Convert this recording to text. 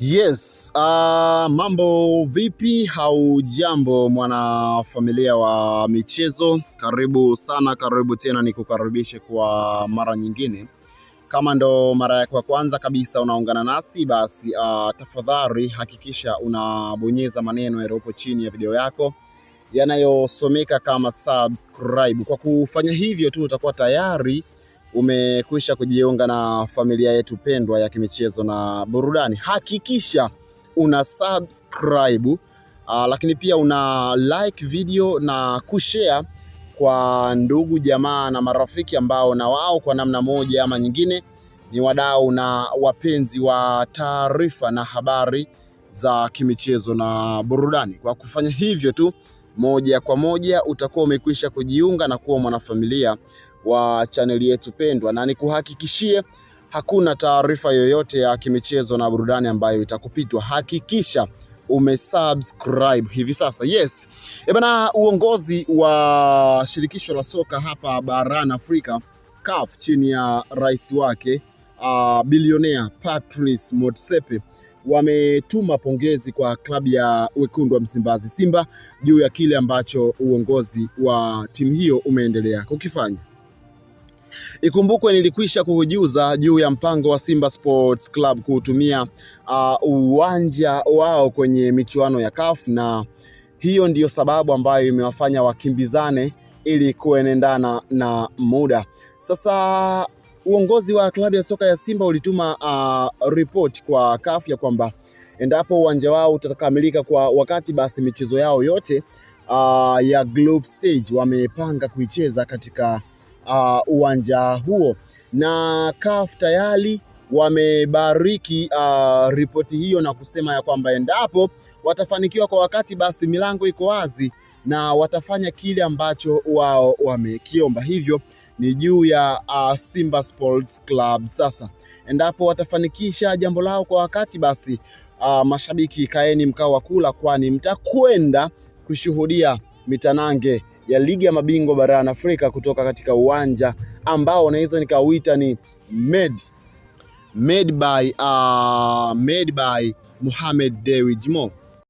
Yes, uh, mambo vipi? Haujambo mwanafamilia wa michezo, karibu sana, karibu tena, nikukaribishe kwa mara nyingine. Kama ndo mara yako ya kwanza kabisa unaungana nasi basi, uh, tafadhali hakikisha unabonyeza maneno yaliyopo chini ya video yako yanayosomeka kama subscribe. Kwa kufanya hivyo tu utakuwa tayari umekwisha kujiunga na familia yetu pendwa ya kimichezo na burudani, hakikisha una subscribe uh, lakini pia una like video na kushare kwa ndugu jamaa na marafiki ambao na wao kwa namna moja ama nyingine ni wadau na wapenzi wa taarifa na habari za kimichezo na burudani. Kwa kufanya hivyo tu, moja kwa moja utakuwa umekwisha kujiunga na kuwa mwanafamilia wa chaneli yetu pendwa, na nikuhakikishie hakuna taarifa yoyote ya kimichezo na burudani ambayo itakupitwa. Hakikisha umesubscribe hivi sasa. Yes. E bana, uongozi wa shirikisho la soka hapa barani Afrika CAF chini ya rais wake uh, ah, bilionea Patrice Motsepe wametuma pongezi kwa klabu ya wekundu wa Msimbazi Simba juu ya kile ambacho uongozi wa timu hiyo umeendelea kukifanya. Ikumbukwe nilikwisha kuhujuza juu ya mpango wa Simba Sports Club kuutumia uh, uwanja wao kwenye michuano ya CAF na hiyo ndiyo sababu ambayo imewafanya wakimbizane ili kuenendana na muda. Sasa uongozi wa klabu ya soka ya Simba ulituma uh, report kwa CAF ya kwamba endapo uwanja wao utakamilika kwa wakati, basi michezo yao yote uh, ya group stage wamepanga kuicheza katika uh, uwanja huo na CAF tayari wamebariki uh, ripoti hiyo na kusema ya kwamba endapo watafanikiwa kwa wakati, basi milango iko wazi na watafanya kile ambacho wao wamekiomba. Hivyo ni juu ya uh, Simba Sports Club. Sasa endapo watafanikisha jambo lao kwa wakati, basi uh, mashabiki, kaeni mkao wa kula, kwani mtakwenda kushuhudia mitanange ya ligi ya mabingwa barani Afrika kutoka katika uwanja ambao naweza nikauita ni made, made by, uh, made by Mohamed Dewji Mo.